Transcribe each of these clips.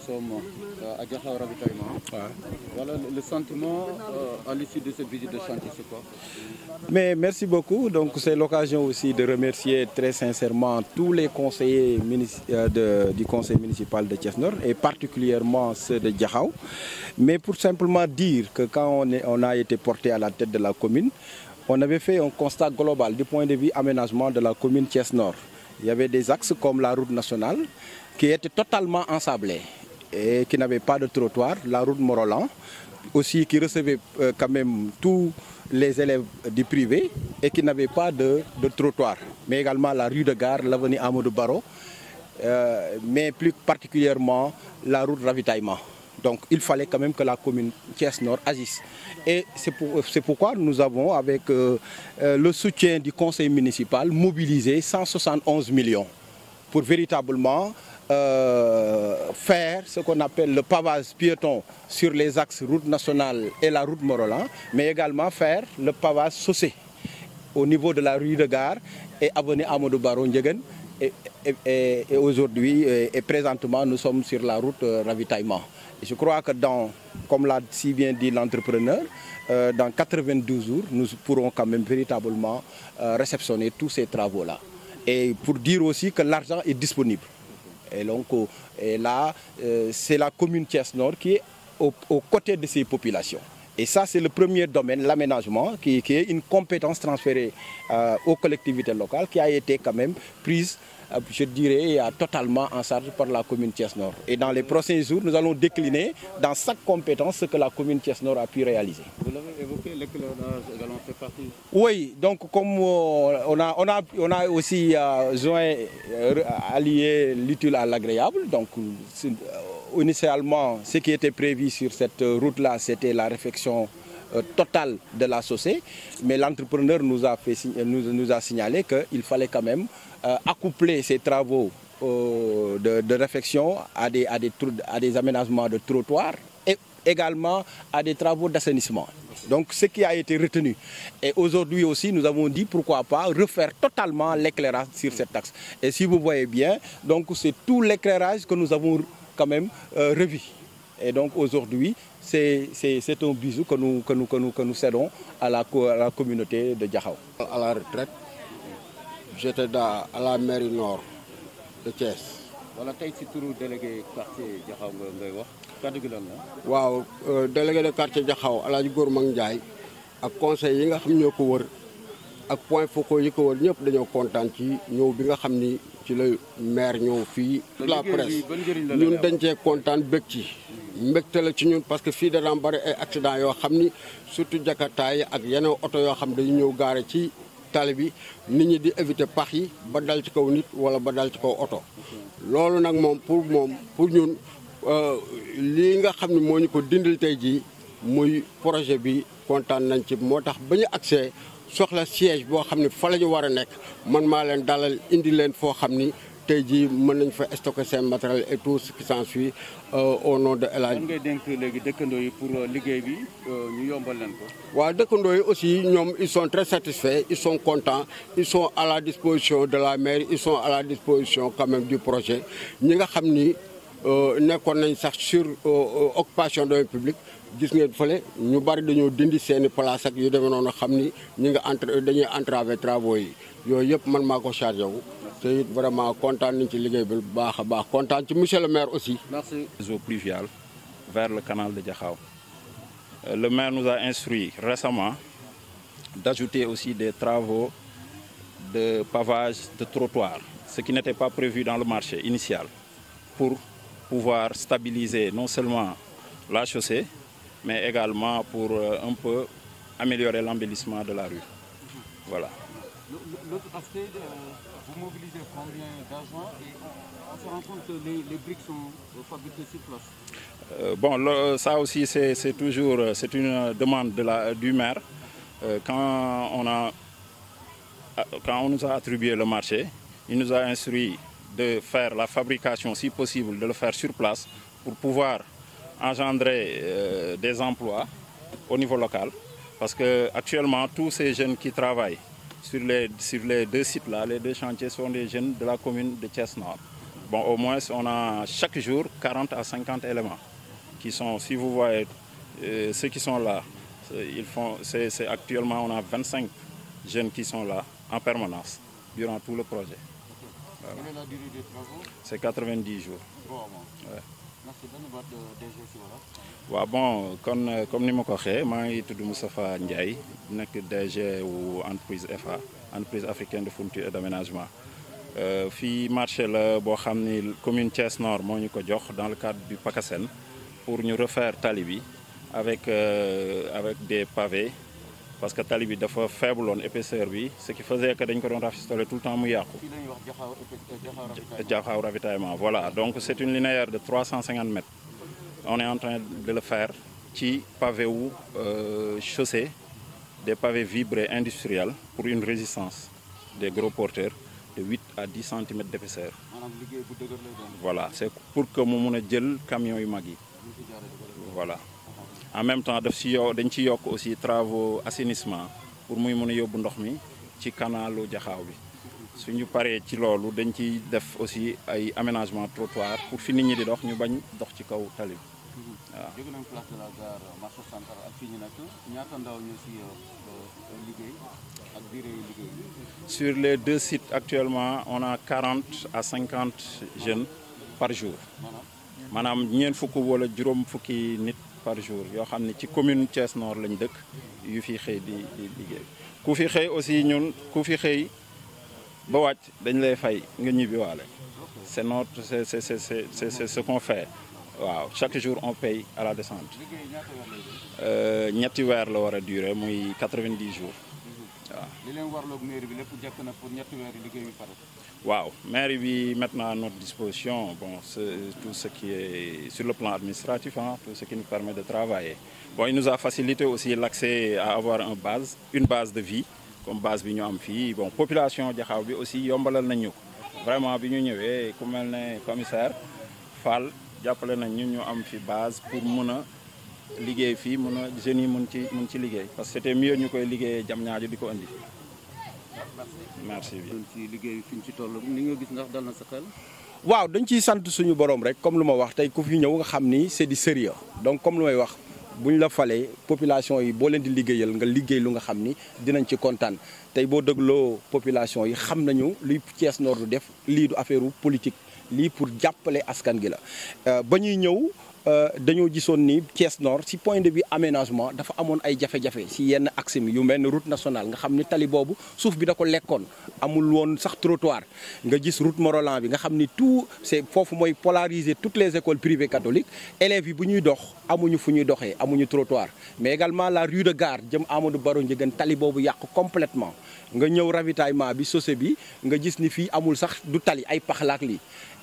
sommes euh, à Diakhao Ravitaillement. Ouais. Voilà le sentiment euh, à l'issue de cette visite de chantier, c'est quoi? Mais merci beaucoup. Donc c'est l'occasion aussi de remercier très sincèrement tous les conseillers euh, de, du conseil municipal de Thiès Nord et particulièrement ceux de Diakhao. Mais pour simplement dire que quand on est, on a été porté à la tête de la commune, on avait fait un constat global du point de vue aménagement de la commune Thiès Nord. Il y avait des axes comme la route nationale qui étaient totalement ensablés. et qui n'avait pas de trottoir, la route Morolan, aussi qui recevait euh, quand même tous les élèves du privé et qui n'avait pas de, de, trottoir. Mais également la rue de Gare, l'avenue Amadou Barreau, euh, mais plus particulièrement la route ravitaillement. Donc il fallait quand même que la commune Thiès Nord agisse. Et c'est pour, pourquoi nous avons, avec euh, euh, le soutien du conseil municipal, mobilisé 171 millions. pour véritablement euh, faire ce qu'on le pavage piéton sur les axes route et la route Morolan, mais également faire le pavage saucé au niveau de la rue de Gare et avenue Amadou Baro Ndjegen. Et, et, et aujourd'hui et, présentement, nous sur la route euh, je crois que dans, comme l'a si bien dit l'entrepreneur, euh, dans 92 jours, nous pourrons quand même véritablement euh, réceptionner tous ces et pour dire aussi que l'argent est disponible. Et donc euh, et là, euh, c'est la commune Thiès Nord qui est aux, aux côtés de ces populations. Et ça, c'est le premier domaine, l'aménagement, qui, est une compétence transférée euh, aux collectivités locales, qui a été quand même prise, euh, je totalement en sarge par la commune Thiès Nord. Et dans les prochains jours, nous allons décliner dans chaque compétence ce que la commune Thiès Nord a pu réaliser. Oui, donc comme euh, on, a, on, a, on a aussi euh, joint, euh, allié l'utile à l'agréable, donc initialement, ce qui était prévu sur cette euh, route-là, c'était la réfection euh, totale de la chaussée. Mais l'entrepreneur nous, a fait, nous, nous a signalé qu'il fallait quand même euh, accoupler ces travaux euh, de, de, réfection à des, à, des, des aménagements de trottoirs et également à des travaux d'assainissement. Donc ce qui a été retenu. Et aujourd'hui aussi, nous avons dit pourquoi pas refaire totalement l'éclairage sur cet axe. Et si vous voyez bien, donc c'est tout l'éclairage que nous avons quand même euh, Et donc aujourd'hui, c'est un bisou que nous, que à la, la communauté de Diakhao. À la retraite, j'étais à la mairie nord de Thiès. wala tey ci turu délégué quartier Diakhao nga ngay wax waaw euh, délégué de quartier Diakhao El Hadj Gourmang Ndiaye ak conseil yi nga xam ñoo ko wër. ak point focaux yi ko wër ñëpp dañoo kontaan ci ñëw bi nga xam ni ci la maire ñëw fii la presse ñun dencee kontaan bég ci mbégte la ci ñun parce que fii dana bari ay accident yoo xam ni surtout jakarta yi ak yeneen oto yoo xam dañu ñëw gaare ci tali bi nit ñi di éviter pax yi ba dal ci kaw nit wala ba dal ci kaw oto loolu nag moom pour moom pour ñun euh, lii nga xam ni moo ñu ko dindil tey jii muy projet bi kontaan nañ ci moo tax ba ñu accès soxla siège boo xam ne fa la ñu war a nekk man maa leen dalal indi leen foo xam ni tey jii mën nañ fa stocker seen matériel et tout ce qui s'ensuit euh, au non de El Hadj. lan léegi dëkkandoo yi pour euh, liggéey bi euh, yombal leen ko. waaw dëkkandoo yi aussi ñoom ils sont très satisfaits ils sont contents ils sont à la disposition de la mairie ils sont à la disposition quand même projet ñi nga xam ni. Euh, nekkoon nañ sax sur euh, occupation domaine public gis ngeen fale ñu bari dañoo dindi seeni place ak yu demee noonu xam ni ñi nga entre dañuy entravé travaux yi yooyu yëpp man maa ko chargé wu te it vraiment kontaan nañ ci liggéey bi bu baax a baax kontaan ci monsieur le maire aussi. merci. réseau pluvial vers le canal de Diakhao euh, le maire nous a instruit récemment d'ajouter aussi des travaux de pavage de trottoir ce qui n'était pas prévu dans le marché initial pour pouvoir stabiliser non seulement la chaussée, mais également pour euh, un peu améliorer l'embellissement de la rue. Voilà. L'autre aspect, euh, vous se rend les, briques sont fabriquées euh, Bon, le, ça aussi, c'est toujours c'est une demande de la, du maire. Euh, quand, quand on nous a attribué le marché, il nous a instruit de faire la fabrication, si de le faire sur place pour pouvoir engendrer euh, des emplois au niveau local. Parce que actuellement, tous ces jeunes qui travaillent les, sur deux sites-là, les deux chantiers sont des jeunes de la commune de Thiès au moins, on a chaque jour 40 à 50 éléments qui sont, si vous voyez euh, ceux qui sont là, euh, ils font, actuellement, on a 25 jeunes qui sont là en permanence durant tout le projet. est la durée C'est jours. waa bon. kon euh, comme ni ma ko waxee maa ngi tudd Moustapha Ndiaye nekk DG wu entreprise EFA entreprise africaine de fourniture et d'aménagement euh, fii marché la boo xam ni commune Thiès Nord moo ñu ko jox dans le cadre du PACASEN pour ñu refaire tali bi avec euh, avec des pavés parce que tali bi dafa faible woon épaisseur bi ce qui faisait dañ ko doon rafistoler tout le temps mu yàqu. jaxaaw euh, ravitaillement voilà donc c' est une linéaire de 350 mètres on est en train de le faire ci pavé wu euh, chaussée des pavés vibrés industriels pour une résistance des gros porteurs de 8 à 10 centimètres d' épaisseur. voilà c' est pour que mu mun a jël camion yu mag yi. voilà. en même temps daf ci yow dañ ci yokk aussi travaux assainissement pour muy mën a yóbbu ndox mi ci canalu jaxaaw bi suñu paree ci loolu dañ ci def aussi ay aménagement trottoir pour fi nit ñi di dox ñu bañ dox ci kaw tali bi waaw jóge nañ ak fii ñu nekk ñaata ndaw ñu si euh, euh, liggéey ak durée liggéey sur les deux sites actuellement on a quarante à cinquante jeunes par jour maanaam ñeent fukk wala juróom fukki nit par jour yoo xam ne ci commune Thiès noor lañ dëkk yu fi xëy di di liggéey ku fi xëy aussi ñun ku fi xëy ba wàcc dañ lay fay nga ñibbiwaale c'est notre c'est c'est c'est c'est c'est ce qu'on fait waaw chaque jour on paye à la descente euh, ñetti weer la war a durer muy 90 jours waaw. li leen warloog mairie bi lépp jekk na pour ñetti weer liggéey bi pare. waaw mairie bi maintenant à notre disposition bon tout ce qui est sur le plan administratif hein, tout ce qui nous permet de travailler bon il nous a facilité aussi l'accès à avoir un base une base de vie comme base bi ñu am fii bon population jaxaaw bi aussi yombalal nañ ñu ko vraiment bi ñu ñëwee ku mel ne commissaire Fall jàppale nañ ñu ñu am fi base pour mun a liggéey fii mun a jeunes yi mun ci mun ci liggéey parce que c'était mieux ñu koy liggéeyee jam ñaajo di ko i marché bi. ci liggéey bi ci toll ni nga gis ndax dal na sa waaw dañ ciy sant suñu borom rek comme lu ma wax tey ku fi ñëw nga xam ni c'est du sérieux donc comme lu may wax bu ñu la falee population yi boo leen di liggéeyal nga liggéey lu nga xam ni dinañ ci kontaan tey boo dégloo population yi xam nañu luy Thiès Nord du def lii du affaire politique lii pour jàppale askan gi la euh, ba ñuy ñëw. Euh, dañoo gisoon ni Thiès Nord si point de vue aménagement dafa amoon ay jafe-jafe si yenn axe mi yu mel ne route nationale nga xam ne tali boobu suuf bi da ko lekkoon amul woon sax trottoir nga gis route Morolan bi nga xam ni tout c'est foofu mooy polariser toutes les écoles privées catholiques élèves yi bu ñuy dox amuñu fu ñuy doxee amuñu trottoir mais également la rue de gare jëm Amadou Baro Ndiéguène tali boobu yàq complètement nga ñëw ravitaillement bi sose bi nga gis ni fii amul sax du tali ay pax laak lii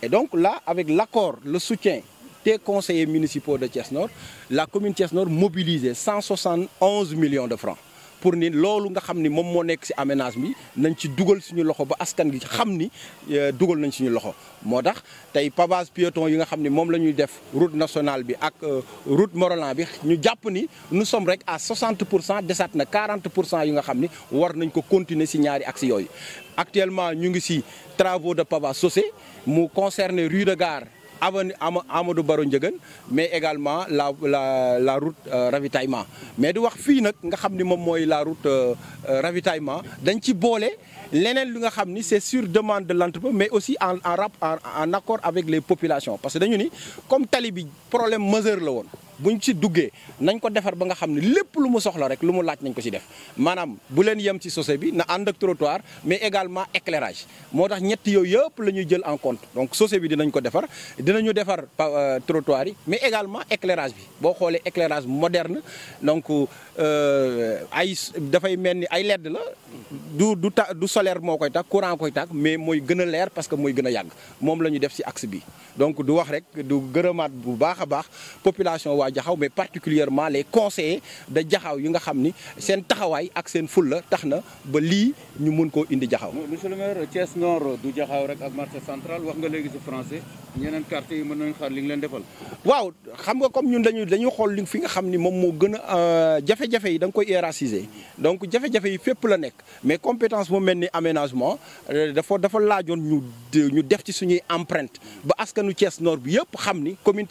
donc là avec l'accord le soutien des conseillers municipaux de Thiès Nord la commune Thiès Nord mobilisé 171 millions de francs pour ni loolu nga xam ni moom moo nekk ci aménage bi nañ ci dugal suñu loxo ba askan gi xam ni euh, dugal nañ suñu loxo moo tax tey pavage piéton yi nga xam ni moom la ñuy def route nationale bi ak euh, route Morolan bi ñu jàpp ni nous sommes rek à 60 pour cent desaat na 40 pour cent yi nga xam ni war nañ ko continuer si ñaari axes yooyu actuellement ñu ngi ci travaux de pavage chaussée mu concerner rue de gare avenue Amadou baru Ndiéguène mais également la la la route euh, ravitaillement mais du wax fii nag nga xam ni moom mooy la route euh, euh, ravitaillement dañ ci boole leneen li nga xam ni c'est sur demande de l'entreprise mais aussi en en en accord avec les populations parce que dañu ni comme tali bi problème majeur la woon. bu ñu ci duggee nañ ko defar ba nga xam ne lépp lu mu soxla rek lu mu laaj nañ ko ci def maanaam bu leen yem ci sose bi na ànd ak trottoir mais également éclairage moo tax yooyu yëpp la ñuy jël en donc société bi dinañ ko defar dinañu defar euh, trottoir yi mais également éclairage bi boo xoolee éclairage moderne donc euh, ay dafay mel ni ay ledd la du du ta du solaire moo koy tàkk courant koy tàkk mais mooy gën a leer parce que mooy gën a yàgg moom la ñu def si axe bi donc du wax rek du gërëmaat bu baax a baax population waa Jaxaw mais particulièrement les conseillers de Jaxaw yi nga xam ni seen taxawaay ak seen fulla tax na ba lii ñu mun koo indi Jaxaw. monsieur le maire Thiès Nord du Jaxaw rek ak marché central wax nga léegi si français ñeneen quartier yi mën nañu xaar li leen defal. waaw xam nga comme ñun dañuy dañuy xool li fi nga xam ni moom moo gën a euh, jafe-jafe yi danga koy hiérarchiser donc jafe-jafe yi fépp la nekk mais compétence moo mel ni aménagement euh, dafa dafa laajoon ñu ñu def ci suñuy empreinte ba askanu Thiès Nord bi yëpp xam ni commune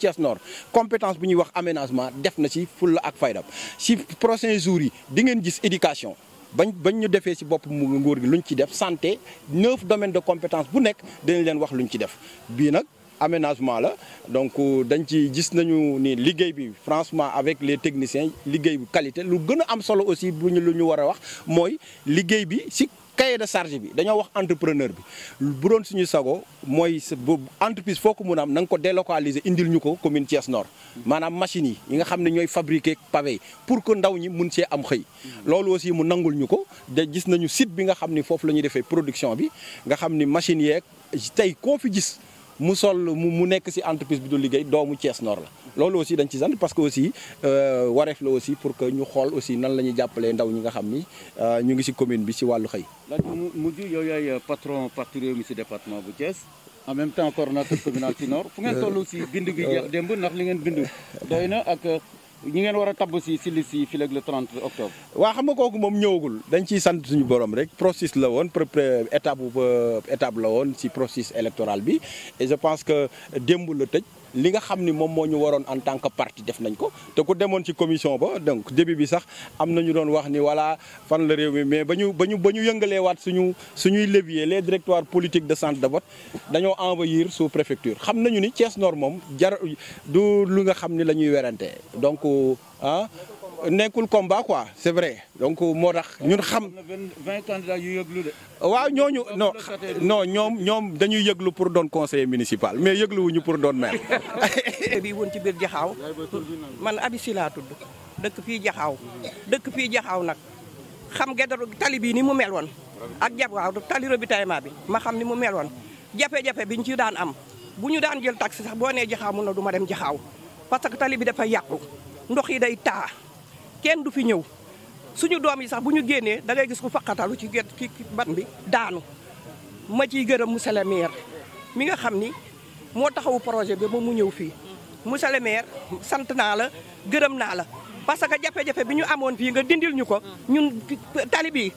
aménagement def na ci fulla ak faydam ci prochains jours yi di ngeen gis éducation bañ bañ ñu defee ci bopp mu nguur gi luñ ci def santé neuf domaine de compétence bu nekk dañ leen wax luñ ci def bii nag aménagement la donc dañ ci gis nañu ni liggéey bi franchement avec les techniciens liggéey bi qualité lu gën a am solo aussi bu ñu lu ñu war a wax mooy liggéey bi ci cahier de charge bi dañoo wax entrepreneur bi bu doon suñu sago mooy entreprise foo ko mun a am nanga nga ko délocaliser indil ñu ko commune Thiès Nord maanaam machines yi yi nga xam ne ñooy fabriquer pavé pour que ndaw ñi mun cee am xëy loolu aussi mu nangul ñu ko de gis nañu site bi nga xam ni foofu la ñuy defee production bi nga xam ni machine yeeg tey koo fi gis mu sol mu nekk si entreprise bi du liggéey doomu Thiès Nord la loolu aussi dañ ci sant parce que aussi euh, wareef la aussi pour que ñu xool aussi nan la ñuy jàppalee ndaw ñi nga xam ni euh, ñu ngi si commune bi si wàllu xëy. lan mu mujj yow yaay patron parti Rewmi si département bu Thiès en même temps coordonnateur communal ci Nord fu ngeen toll si bind bi jeex euh, démb ndax li ngeen bind doy na ak. ñu ngeen war a tabb si si liste le 30 octobre. waa xam nga kooku moom ñëwagul dañ ciy sant suñu borom rek processus la woon étape euh, étape la woon ci processus électoral bi et je pense que démb la tëj. li nga xam ni moom moo ñu waroon en tant que parti def nañ ko te ku demoon ci commission ba donc début bi sax am na ñu doon wax ni voilà fan la réew mi mais ba ñu ba ñu ba ñu yëngalee waat suñu suñuy levier les directoires politiques de centre de vote dañoo envahir sous préfecture xam nañu ni Thiès Nord moom jar du lu nga xam ni la ñuy werante donc euh, ah nekkul combat quoi c'est vrai donc moo tax ñun xam. vingt candidats yu yëglu de. waaw ñooñu non non ñoom ñoom dañuy yëglu pour doon conseiller municipal mais yëgluwuñu pour doon maire. bii woon ci biir jaxaaw man abisi laa tudd dëkk fii jaxaaw dëkk fii jaxaaw nag xam geddaru tali bii ni mu mel woon ak jab waaw tali ravitaillement bi ma xam ni mu mel woon jafe-jafe biñ ci daan am bu ñu daan jël taxi sax boo nee jaxaaw mun na du ma dem jaxaaw parce que tali bi dafa yàqu ndox day taa. kenn du fi ñëw suñu doom yi sax bu ñu génnee da ngay gis ku faqatalu ci gét ci ban bi daanu ma ciy gërëm monsieur le maire mi nga xam ni moo taxawu projet bi moom mu ñëw fii monsieur le maire sant naa la gërëm naa la parce que jafe-jafe bi ñu amoon fii nga dindil ñu ko ñun tali bi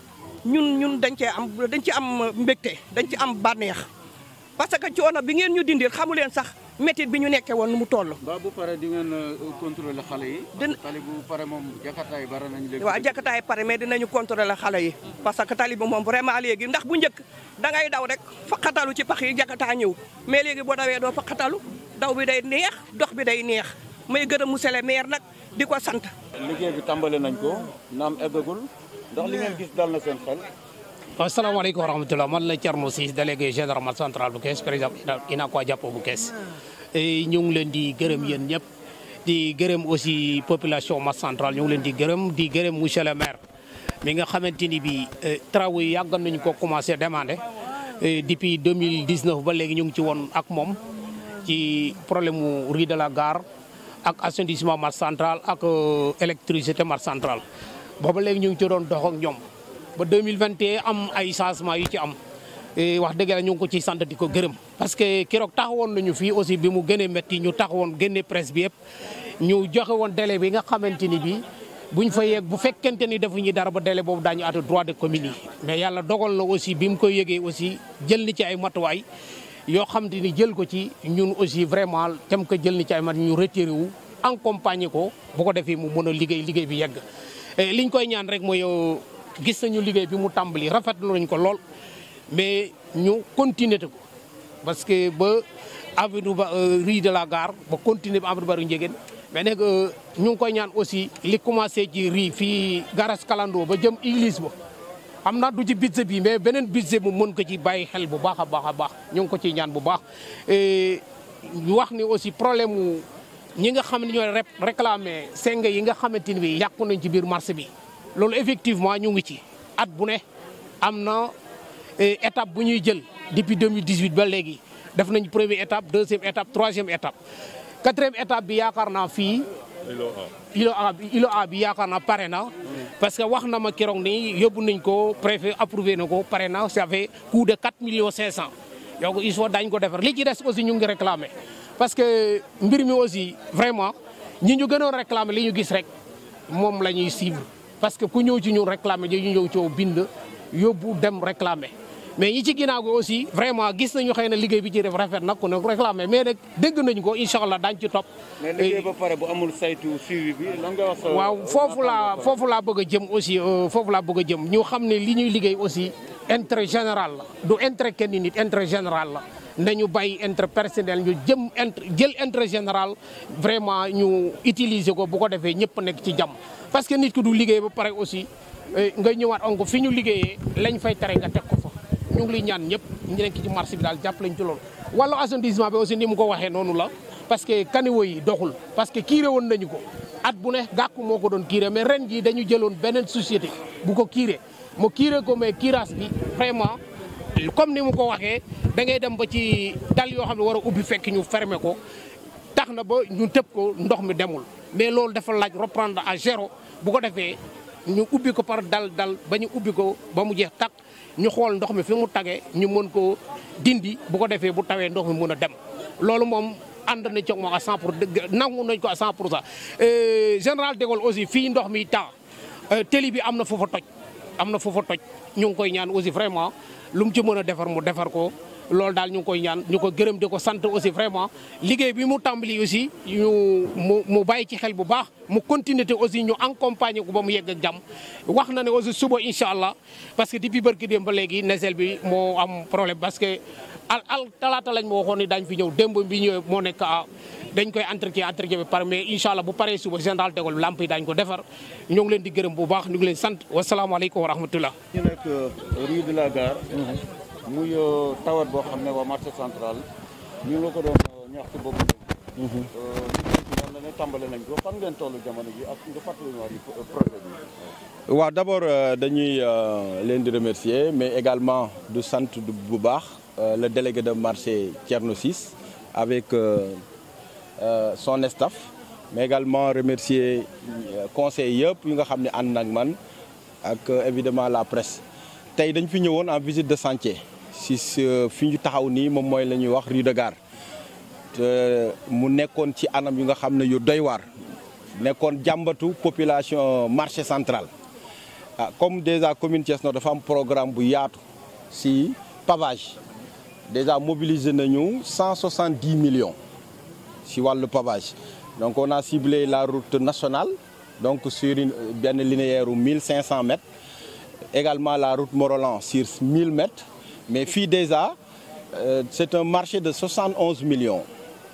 ñun ñun dañ cee am dañ ci am mbégte dañ ci am bànneex parce que coono bi ngeen ñu dindil xamu leen sax métit bi ñu nekkee woon nu mu toll. ba bu pare di ngeen euh, contrôler xale yi. dina tali bu pare moom jakataay bare nañu léegi. waaw jakataay pare mais dinañu contrôler xale yi. parce que tali bi moom vraiment léegi ndax bu njëkk dangay daw rek faqatalu ci pax yi jakataa ñëw mais léegi boo dawee doo faqatalu daw bi day neex dox bi day neex may gërëm mu le maire nag di ko sant. liggéey bi tàmbale nañ ko naam eggagul ndax li ngeen gis dal na seen xel. waaw salaamaaleykum wa rahmatulah man la Thierno Ciss délégué général central bu Kees président Inaakuwa jàppoo bu Kees ñu ngi leen di gërëm yéen ñëpp di gërëm aussi population Mas Central ñu ngi leen di gërëm di gërëm monsieur le maire mi nga xamante ni bii euh, travaux yi yàgg nañu ko commencé demandé depuis 2019 ba léegi ñu ngi ci woon ak moom ci problème mu rue de la gare ak assainissement Mas Central ak euh, électricité Mas Central ba léegi ñu ngi ci doon dox ak ñoom. ba 2021 am ay changement yu ci am wax dëgg la ko ciy sant di ko gërëm parce que keroog woon nañu fii aussi bi mu gënee métti ñu taxawoon génne presse bi yëpp ñu joxe woon délai bi nga xamante ni bii buñ fa yeeg bu fekkente ni ñu dara ba délai boobu daañu at droit de commune yi mais yàlla dogal na aussi bi mu koy yëgee aussi jël ni ci ay matuwaay yoo xam ni jël ko ci ñun aussi vraiment tem ko jël ni ci ay mat ñu retiré wu accompagner ko bu ko defee mu mën a liggéey liggéey bi yegg gis nañu liggéey bi mu tàmbali rafetlu nañ ko lool mais ñu continuer te ko parce que ba avenue ba euh, rue de la gar ba continuer ba avenue Barou Ndiéguène mais nag euh, ñu ngi koy ñaan aussi li commencé ji rii fii garage Kalando ba jëm église ba am naa du ji budget bi mais beneen budget mu mën ko ci bàyyi xel bu baax a baax a baax ñu ngi ko ciy ñaan bu baax ñu wax ni aussi problème mu ñi nga xam ne ñooy réclamer seng yi nga xamante ni bi yàqu nañ ci biir marché bi loolu effectivement ñu ngi ci at bu ne am na eh, étape bu ñuy jël depuis 2018 ba léegi def nañ première étape deuxième étape troisième étape quatrième étape bi yaakaar naa fii ilo a ilo a bi yaakaar naa pare na parce que wax na ma keroog ni yóbbu nañ ko préfet approuver na ko pare na ça fait coût de 4 cinq 500 donc il faut daañ ko defar li ci des aussi ñu ngi réclamé parce que mbir mi aussi vraiment ñi ñu gënoon réclamé li ñu gis rek moom la ñuy suivre parce que ku ñëw ci ñun réclamer dañu ñëw coow bind yóbbu dem réclamer mais ñi ci ginnaaw ko aussi vraiment gis nañu xëy na liggéey bi ci def rafet nag ku ne nag dégg nañ ko incha allah daañu ci topp. mais liggéey ba amul saytu suivi waaw foofu laa foofu laa bëgg a jëm aussi euh, foofu laa bëgg a jëm ñu xam ne li ñuy liggéey aussi intérêt général la du intérêt kenn nit intérêt général la. nañu bàyyi intérêt personnel ñu jëm intérêt jël intérêt général vraiment ñu utiliser ko bu ko defee ñëpp nekk ci jàmm parce que nit ku du liggéey ba pare aussi euh, nga ñëwaat on fi ñu liggéeyee lañ fay tere nga teg ko fa. ñu ngi luy ñaan ñëpp ñu nekk ci marché bi daal jàpp lañ ci loolu wàllu assainissement bi aussi ni mu ko waxee noonu la parce que caniveau yi doxul parce que kiire woon nañu ko at bu ne gàkku moo ko doon kiire mais ren jii dañu jëloon beneen société bu ko kiire mu kiire ko mais kiiras bi vraiment comme ni mu ko waxee dangay dem ba ci dal yoo xam ne war a ubbi fekk ñu fermer ko tax na ba ñu tëb ko ndox mi demul mais loolu dafa laaj reprendre à géro bu ko defee ñu ubbi ko par dal dal ba ñu ubbi ko ba mu jeex takk ñu xool ndox mi fi mu tagee ñu mën koo dindi bu ko defee bu tawee ndox mi mën a dem loolu moom ànd nañ ci moom à 100 pour nangu nañ ko à 100 pour cent euh, général de Gaulle aussi fii ndox mi temps euh, télé bi am na foofa toj am na foofa toj ñu ngi koy ñaan aussi vraiment lu mu ci mën a defar mu defar ko loolu daal ñu ngi koy ñaan ñu ko gërëm di ko sant aussi vraiment liggéey bi mu tàmbali aussi ñu mu mu bàyyi ci xel bu baax mu continuer te aussi ñu accompagner ko ba mu yegg ak jàmm. wax na ne aussi suba incha allah parce que depuis barki démb ba léegi sel bi moo am problème parce que al al talaata lañ ma waxoon ni daañ fi ñëw démb bi ñëwee moo nekk dañ koy entretien entretien bi par mais incha allah bu paree suba général de Gaulle lamp yi daañu ko defar ñoo ngi leen di gërëm bu baax ñu ngi leen sant wasalaamaaleykum wa rahmatullah. ñu nekk euh, muy euh, tawat boo xam ne waa marché central ñu ngi la ko doon ñaxtu boobu léegi. yàlla ne tàmbale nañ ko fan ngeen tollu jamono ji ak nga fàttali ñu projet bi. d'abord euh, dañuy euh, leen di remercier mais également du sant bu baax le délégué de marché Thierno Ciss avec son staff mais également remercier conseil yëpp yu nga xam ne ànd nag man ak évidemment la presse tey dañ fi ñëwoon en visite de chantier. si fi ñu taxaw nii moom mooy la ñuy wax rue de gare mu nekkoon ci anam yu nga xam ne yu doy waar nekkoon jàmbatu population marché central ah comme déjà commune Thiès Nord dafa am programme bu yaatu si pavage déjà mobiliser nañu cent soixante-dix millions si wàllu pavage donc on a la route nationale donc sur benn linéaire u mille cinq cent mètres également la route Morolan sur mille mètres mais fii déjà euh, c'est un marché de 71 millions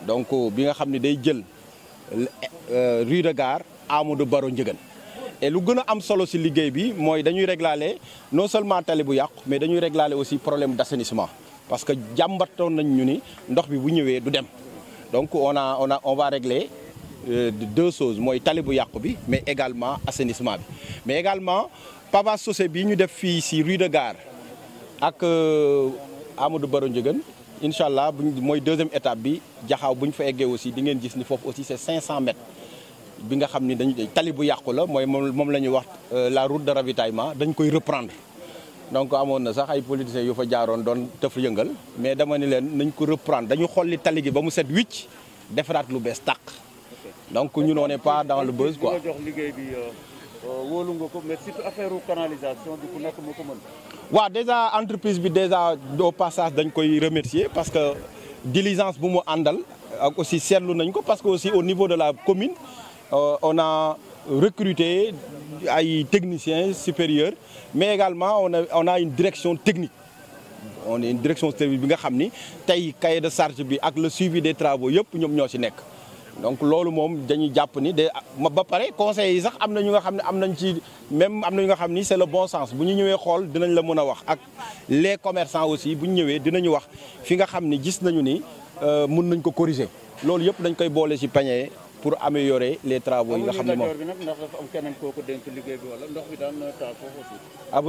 donc euh, bi nga xam ne day jël euh, rue de gare du Baro Ndiéguène lu gën a am solo ci liggéey bi mooy dañuy réglaale non seulement tali bu yàqu mais dañuy réglaale aussi problème d'assainissement parce que jàmbatoon nañ ñu ni ndox bi bu ñëwee du dem donc on a on a on va régler deux choses mooy tali bu yàqu bi mais également assainissement bi mais également pavage chaussée bi ñu def fii ci rue de gare ak euh, Amadou Baro Ndiogène incha allah buñ mooy deuxième étape bi jaxaaw bu ñu fa eggee aussi di ngeen gis ni foofu aussi c'est cent mètres bi nga xam ni dañu tali bu yàqu la mooy moom moom la ñuy wax euh, la route de ravitaillement dañ koy reprendre donc amoon na sax ay politiciens yu fa jaaroon doon tëf yëngal mais dama ni leen nañ ko reprendre dañu xolli tali gi ba mu set wicc defaraat lu bees tàq donc ñun on n'est pas dans le buzz quoi. Euh, wóolu nga ko mais surtout affaire canalisation du ku ko mën. waa déjà entreprise bi déjà au passage dañ koy remercier parce que diligence bu mu àndal ak aussi seetlu nañ ko parce que aussi au niveau de la commune euh, on a recruté ay techniciens supérieur mais également on a on une direction technique on a une service bi nga xam ni tey cahier de charge bi ak le suivi des travaux yëpp ñoom ñoo si nekk donc loolu moom dañuy jàpp ni de ba pare conseils yi sax am na ñu nga xam ne am nañ ci même am na nga xam ni c'est le bon sens bu ñu ñëwee xool dinañ la mën a wax ak les commerçants aussi bu ñu ñëwee dinañu wax fi nga xam ni gis nañu ni euh, mun nañ ko corriger loolu yëpp dañ koy boole si pañe pour améliorer les travaux yi nga xam ne moom amuñu bi nag ndax dafa am keneen kooku dénk liggéey bi wala ndox bi daan taa foofu aussi. Ah,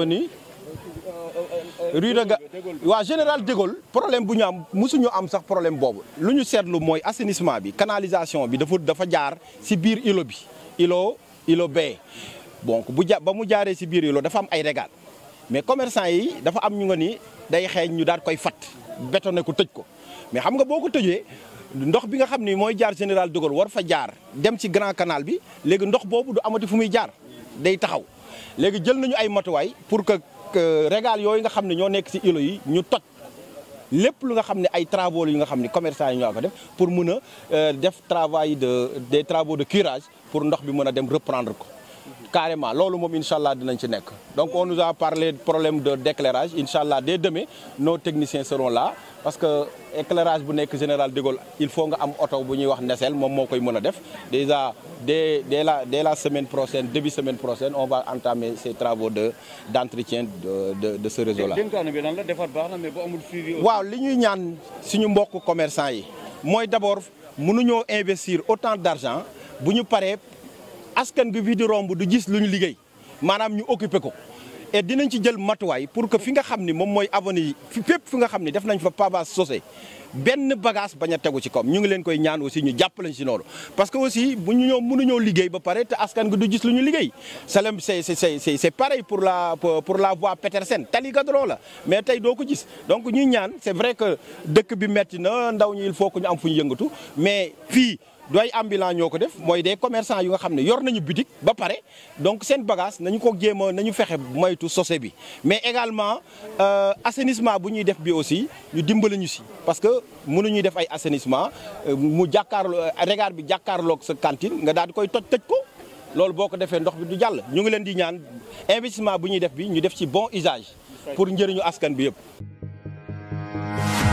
rue de ga waa général de Gaulle problème bu ñu am mosuñu am sax problème boobu lu ñu seetlu mooy assainissement bi canalisation bi dafa dafa jaar si biir ilo bi ilo îlot bee donc bu ja ba mu jaaree si biir ilo dafa am ay régal mais commerçant yi dafa am ñu nga nii day xeeñ ñu daal koy fat bétonné ko tëj ko mais xam nga boo ko tëjee ndox bi nga xam ni mooy jaar général de war fa jaar dem ci grand canal bi léegi ndox boobu du amati fu muy jaar day taxaw Euh, régal yooyu nga xam ne ñoo nekk si îlot yi ñu toj lépp lu nga xam ne ay travaux yu nga xam ne commerçant yi ñoo ko def pour mën a euh, def travail de des travaux de curage pour ndox bi mën a dem reprendre ko carrément loolu moom incha allah dinañ ci nekk donc on nous a parlé problème de d'éclairage incha allah dès demain nos techniciens seront là parce que éclairage bu nekk général de Gaulle il faut nga am oto bu ñuy wax Nesel moom moo koy mën a def déjà dès dès la dès la semaine prochaine début semaine prochaine on va entamer ces travaux de d'entretien de de de ce réseau là. dénkaan bi nan la defar baax na mais bu waaw li ñuy ñaan suñu mbokk commercant yi mooy d'abord mënuñoo investir autant d'argent bu ñu paree. askan gi fi di romb du gis lu ñu liggéey maanaam ñu occupé ko et dinañ ci jël matuwaay pour que fi nga xam ni moom mooy avenue yi fi fépp fi nga xam ni def nañ fa pavage sosé benn bagage bañ a tegu ci kom ñu ngi leen koy ñaan aussi ñu jàppalañ si loolu parce que aussi bu ñu ñoo mënuñoo liggéey ba pare te askan gi du gis lu ñu liggéey salem c'est c'est se pareil pour la pour la voie Petersen tali gadro la mais tey doo ko gis donc ñuy ñaan c'est vrai que dëkk bi metti na ndaw ñi il faut que ñu am fu ñu yëngatu mais fii dooy ay ñoo ko def mooy des commerçants yu nga xam ne yor nañu boutique ba pare donc seen bagage nañu ko jéem nañu fexe moytu sose bi mais également euh, assainissement bu ñuy def bi aussi ñu dimbali ñu si parce que ñuy def ay assainissement euh, mu jàkkaarloo euh, regard bi jàkkaarloog sa cantine nga daal di koy toj tëj ko loolu boo ko defee ndox bi du jàll ñu ngi leen di ñaan investissement bu ñuy def bi ñu def ci bon usage pour njëriñu askan bi yëpp